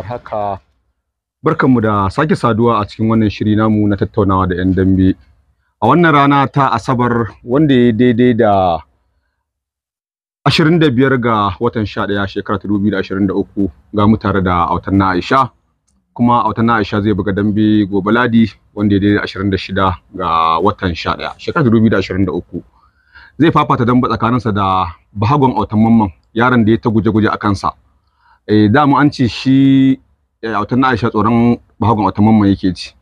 haka barkanmu da sake saduwa a cikin wannan shiri namu na tattaunawa da 'yan dambe a wannan rana ta asabar wanda ya daidai da 25 ga watan 11 shekara 2023 ga mu tare da autan na Aisha kuma autan na Aisha zai buga dambe gobe ladi wanda ya daidai 26 ga watan 11 shekara 2023 zai fafata dambe tsakaninsa da bahagon autan mamman yaron da ya ta guje-guje a kansa eh mu an ce shi eh, autan na Aisha tsoron bahagon autan mamman yake ci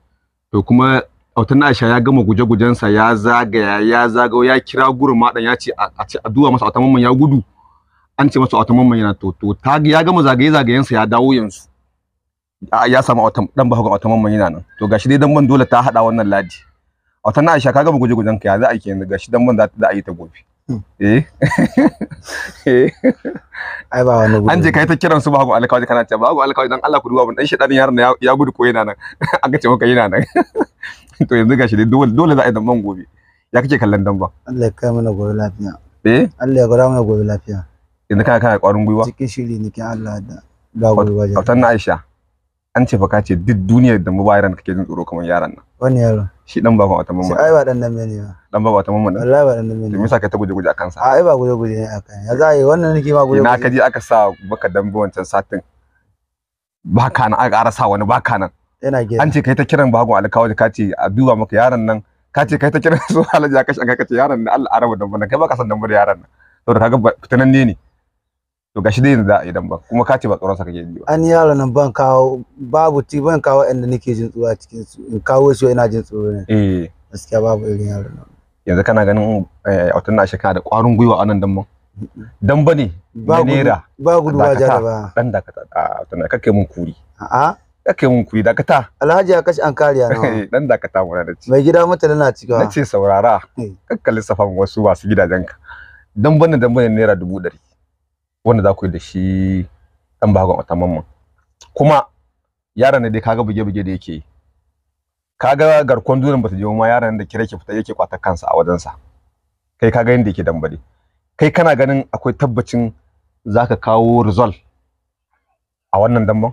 to kuma autan na Aisha ya gama guje-gujensa ya zagaya ya zagayo ya kira gurin dan ya ce a ce addu'a masa autan mamman ya gudu an ce masa autan mamman yana to to ta ya gama zagaye-zagayensa ya dawo yanzu ya samu autan dan bahagon autan mamman yana nan to gashi dai dan ban dole ta hada wannan ladi autan na Aisha ka gama guje-gujenka ya za a yi yanzu gashi dan ban za a yi ta gobe Eh? Eh? eh ai ba wani gudu an je kai ta kiran su bago alkawaji kana ce bago alkawaji dan Allah ku duba mun dan shedanin yaron ya gudu ko yana nan aka ce maka yana nan to yanzu gashi dai dole dole za a yi damban gobe ya kake kallon damban Allah ya kai mana gobe lafiya eh Allah ya gura mana gobe lafiya yanzu kana kana kwarin gwiwa cikin shiri nake Allah da da gobe wajen na Aisha an ce fa ka ce duk duniyar da mu bayaran kake jin tsoro kamar yaran nan wani yaron shi dan baban wata mamman ai ba dan nan bane ba dan baban wata mamman wallahi ba dan nan bane to me yasa kai ta guje guje a sa ai ba guje guje ne akan ya za yi wannan nake ma guje na kaji aka sa baka dambe wancan satin baka nan aka ara sa wani baka nan yana gida an ce kai ta kiran bagon alkawaji ka ce a duba maka yaron nan ka ce kai ta kiran su halaji ka shi ka ce yaron nan Allah araba dan bana kai ba ka san dan yaron nan saboda kaga fitanan ne ne to gashi dai za a yi dan ba kuma ka ce ba tsoron sa kake ji ba an yaro nan ban kawo babu ti ban kawo inda nake jin tsoro a cikin su in kawo su ina jin tsoro ne eh gaskiya babu irin yaro nan yanzu kana ganin eh, autan na shekara da kwarin gwiwa a nan dan ban dan bane ba gudu ba jara ba dan da ka ta ah, autan kake mun kuri a'a kake mun kuri da ka ta alhaji ya kashi an kariya eh, na dan da ka ta mu da ci mai gida mata na cikawa nace saurara eh. kakkalin safan wasu wasu gidajenka dan bane dan bane naira dubu dari. wanda za ku yi da shi ɗan bagon otamanmu kuma yaran ne dai kaga buge-buge da yake yi kaga garkon durin bata jiwo ma yaran da kire ke fita yake kwata kansa a wajensa kai kaga yadda yake dambare kai kana ganin akwai tabbacin zaka kawo result a wannan damban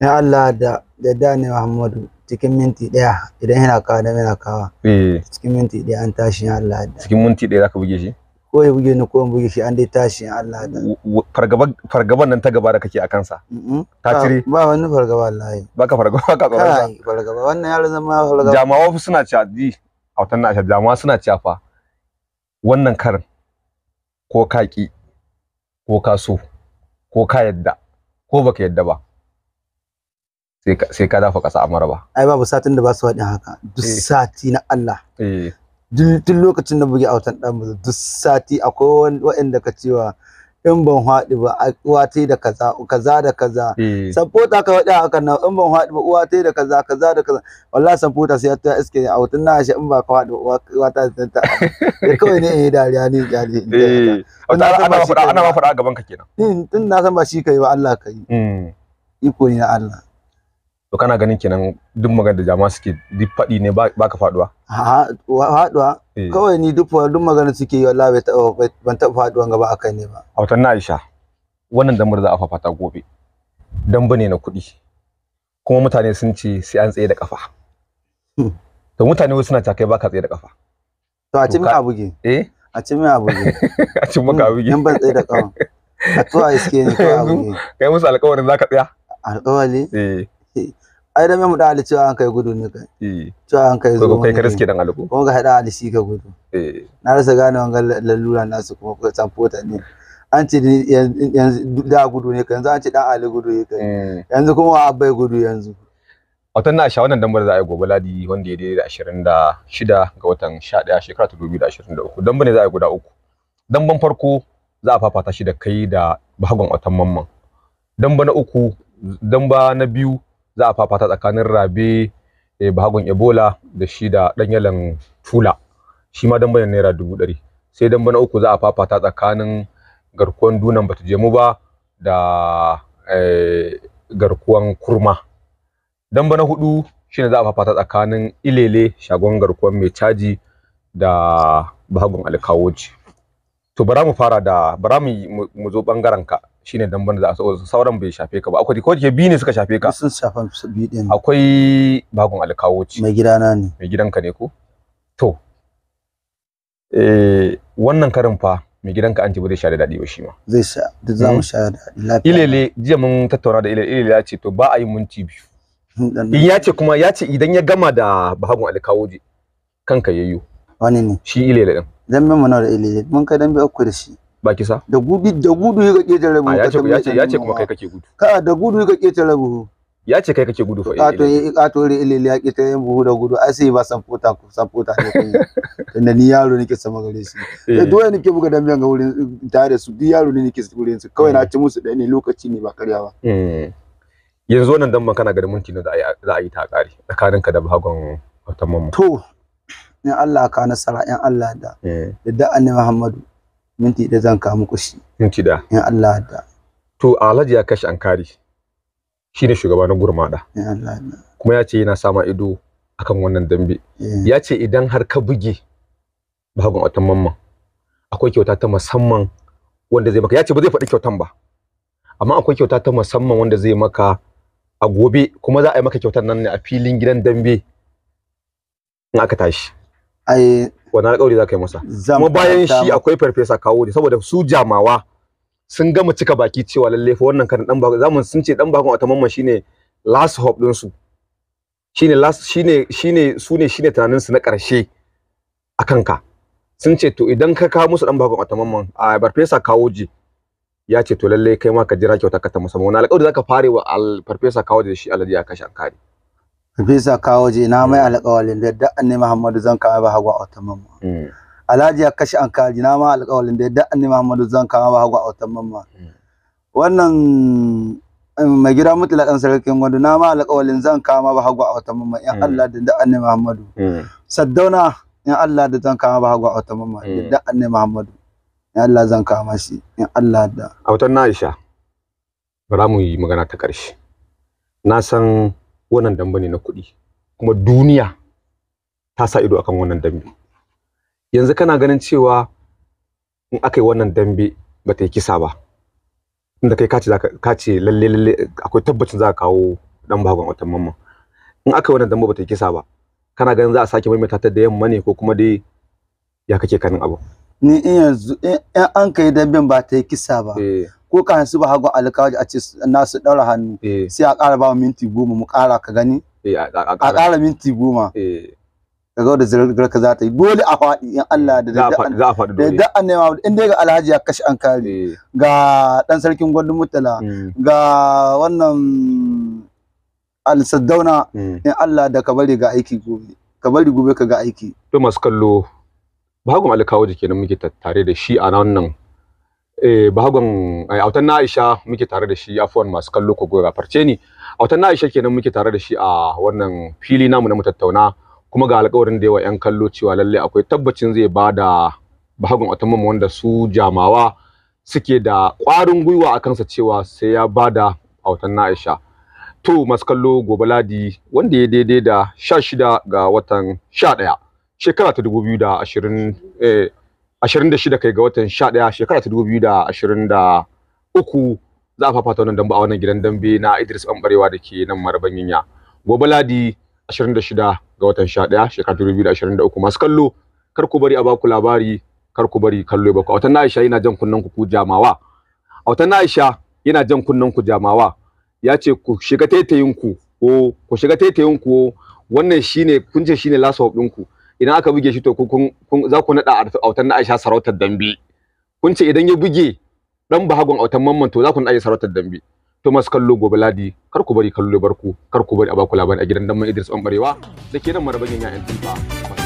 ya Allah da da dane Muhammadu cikin minti daya idan yana kawa da yana kawa eh. cikin minti daya an tashi ya Allah cikin minti daya zaka buge shi ko ya buge ni ko in buge shi an dai tashi in Allah da fargaban fargaban nan ta gaba da kake a kansa ta cire ba wani fargaba wallahi baka fargaba ka tsoron sa fargaba wannan yaro zama fargaba jama'a wasu suna cewa di hautan na jama'a suna cewa fa wannan karin ko ka ki ko ka so ko ka yadda ko baka yadda ba sai ka dafa kasa a maraba ai babu satin da ba su haɗin haka duk eh. sati na Allah eh. tun lokacin da buge autan dan buzu duk sati akwai waɗanda ka cewa in ban haɗu ba uwa ta da kaza kaza da kaza eh. sapota ka wada haka nan in ban haɗu ba uwa ta da kaza kaza da kaza wallahi samfota sai ta iske a hutun na shi in ba ka haɗu uwa ta da ta da kawai ne eh dariya ne jari eh ana ma faɗa a gaban ka kenan tun na san ba shi kai ba Allah kai mm. iko ne na Allah to kana ganin kenan duk magana da jama'a suke duk faɗi ne ba ka faduwa ha faduwa eh. kawai ni duk duk magana suke yi wallahi bai taɓa ban taɓa faduwa gaba kai ne ba a watan Aisha wannan damar za a fafata gobe damba ne na kuɗi kuma mutane sun ce sai an tsaye da kafa hmm. to mutane wasu suna kai baka tsaye da kafa to a cikin abuge eh a cikin abuge a cikin maka abuge hmm, in ban tsaye da kafa a to iske ne kai abuge kai musu alƙawarin zaka tsaya alƙawari eh ai da mu da ali cewa an kai gudu ne kai eh. cewa an kai zuwa kai ka dan aliko kuma ga hada ali shi ka gudu eh. na rasa gane wangan lalura nasu kuma ko tsamfota ne an ce yanzu da gudu ne kai yanzu an ce dan ali gudu ne kai eh. yanzu kuma abai gudu yanzu watan na sha wannan dambar za a yi gobe ladi wanda ya daidai da ashirin da shida ga watan sha ɗaya shekara ta dubu da ashirin da uku Damba ne za a yi guda uku damban farko za a fafata shi da kai da bagon watan mamman damba na uku damba na biyu za a fafata tsakanin rabe eh, bahagun ebola da shi da danyalan tula shi ma naira dubu ɗari sai dambana uku za a fafata tsakanin garkuwan dunan bata jemu ba da eh, garkuwan kurma dambana na hudu shine za a fafata tsakanin ilele shagon garkuwan mai caji da bahagon alkawoji to bara mu fara da bara mu zo bangaren ka shine damban da za a so sauran bai shafe ka ba akwai ko ke bi ne suka shafe ka sun shafan su bi din akwai bagon alkawoci mai gidana ne mai gidanka ne ko to eh wannan karin fa mai gidanka an ce ba zai sha da daɗi ba shi ma zai sha da za mu hmm. share da lafiya ilele jiya mun tattauna da ilele ilele ya ce to ba a yi mun ci biyu hmm, in ya ce kuma ya ce idan ya gama da bahagun alkawoji kanka yayyo wani ne shi ilele din dan mun mana da ilele mun kai dan bi uku da shi ba kisa da gudu da gudu ya kake tare mu ya ce ya ce kuma kai kake gudu ka da gudu ya kake tare mu ya ce kai kake gudu fa eh to eh, eh. to re ilele ya kake tare mu da gudu ai sai ba samfota ku samfota ne kun tunda ni yaro nake sama gare shi eh. da doya nake buga dambiyan ga wurin ta da su duk yaro ne nake wurin su kawai na eh. ci musu da ne lokaci ne ba karya ba yanzu nan dan kana ga minti ne za a yi ta kare tsakanin ka da bagon Autan mamu. to in Allah ka nasara in Allah da da da annabi Muhammadu minti da zan kawo muku shi minti da in Allah da to Alhaji ya kashi Ankari shine shugaba na gurmada in Allah da kuma ya ce yana sama ido akan wannan dambe eh. ya ce idan har ka buge bagon watan mamman akwai kyauta ta musamman wanda zai maka ya ce ba zai faɗi kyautan ba amma akwai kyauta ta musamman wanda zai maka a gobe kuma za a yi maka kyautan nan ne a filin gidan dambe in aka tashi ai wani alƙawari za ka yi masa kuma bayan shi akwai farfesa kawo ne saboda su jamawa sun gama cika baki cewa lalle fa wannan kan dan bakon zamu sun ce dan bakon atamanma shine last hope din su shine last shine shine su ne shine tunanin su na ƙarshe akan ka sun ce to idan ka kawo musu dan bakon atamanma a farfesa kawo ji ya ce to lalle kai ma ka jira kyauta ka ta musamman wani alƙawari za ka fare wa farfesa kawo da shi alaji ya kashe an kare Bisa kawo je mm. mm. na mai alƙawalin da yadda annabi Muhammadu zan kama ba hagwa autan mamma. Alhaji Akashi kashe an kaji na mai alƙawalin da yadda annabi Muhammadu zan kama ba hagwa autan mamma. Wannan um, mai gida mutlaƙan sarkin wando na mai alƙawalin zan kama ba hagwa autan mamma in mm. Allah da yadda annabi Muhammadu. Saddauna in Allah da zan kama ba hagwa autan mamma yadda annabi Muhammadu. In Allah zan kama shi in Allah da. Autan na Aisha. Bara mu yi magana ta ƙarshe. Na san wannan dambe ne na kuɗi kuma duniya ta sa ido akan wannan dambe yanzu kana ganin cewa in aka yi wannan dambe ba ta yi kisa ba inda kai kace kace lalle lalle akwai tabbacin za ka kawo dan bagon watan mamman in aka yi wannan dambe ba ta yi kisa ba kana ganin za a sake maimaita ta da yamma ne ko kuma dai ya kake kanin abu ni in yanzu in an kai damben ba ta yi kisa ba eh. ko ka hansu ba hagu alkawaji a ce na su ɗaura hannu eh. sai a ƙara ba mu minti goma mu ƙara ka gani eh, a ƙara minti goma eh. ka ga da zirar ka za ta yi dole a faɗi in Allah da da annema in dai ga alhaji ya kashe an kare ga dan sarkin gwadon mutala hmm. ga wannan alsaddauna hmm. in Allah da ka bari ga aiki gobe ka bari gobe ka ga aiki to masu kallo ba hagu alkawaji kenan muke tattare da shi a wannan eh bahagon eh, autan na Aisha muke tare da shi afuwan masu kallo ko goya farce ni autan na Aisha kenan muke tare da shi a wannan fili namu na mutattauna. kuma ga alƙawarin da yawa yan kallo cewa lalle akwai tabbacin zai ba da bahagon autan mu wanda su jamawa suke da ƙwarin gwiwa a kansa cewa sai ya bada autan na Aisha to masu kallo gobe ladi wanda ya daidai da 16 ga watan 11 shekara ta 2020 eh 26 kai ga watan 11 shekara ta 2023 za a fafata wannan dambe a wannan gidan dambe na Idris Bambarewa da ke nan Maraban Yinya. Gobe Ladi 26 ga watan 11 shekara 2023 masu kallo kar ku bari a baku labari kar ku bari kallo ba ku. Autan Aisha yana jan kunnen ku jamawa. Autan Aisha yana jan kunnen ku jamawa. Ya ce ku shiga taitayin ku ko oh, ku shiga taitayin ku oh. wannan shine kun ce shine last hope ɗinku. ku. idan aka buge shi to kun za ku nada autan na Aisha sarautar dambe kun ce idan ya buge dan bahagon autan mamman to za ku nada sarautar dambe to masu kallo gobe ladi kar ku bari kallo barku kar ku bari a baku labari a gidan dan Idris Bambarewa da ke nan marabin yayan tifa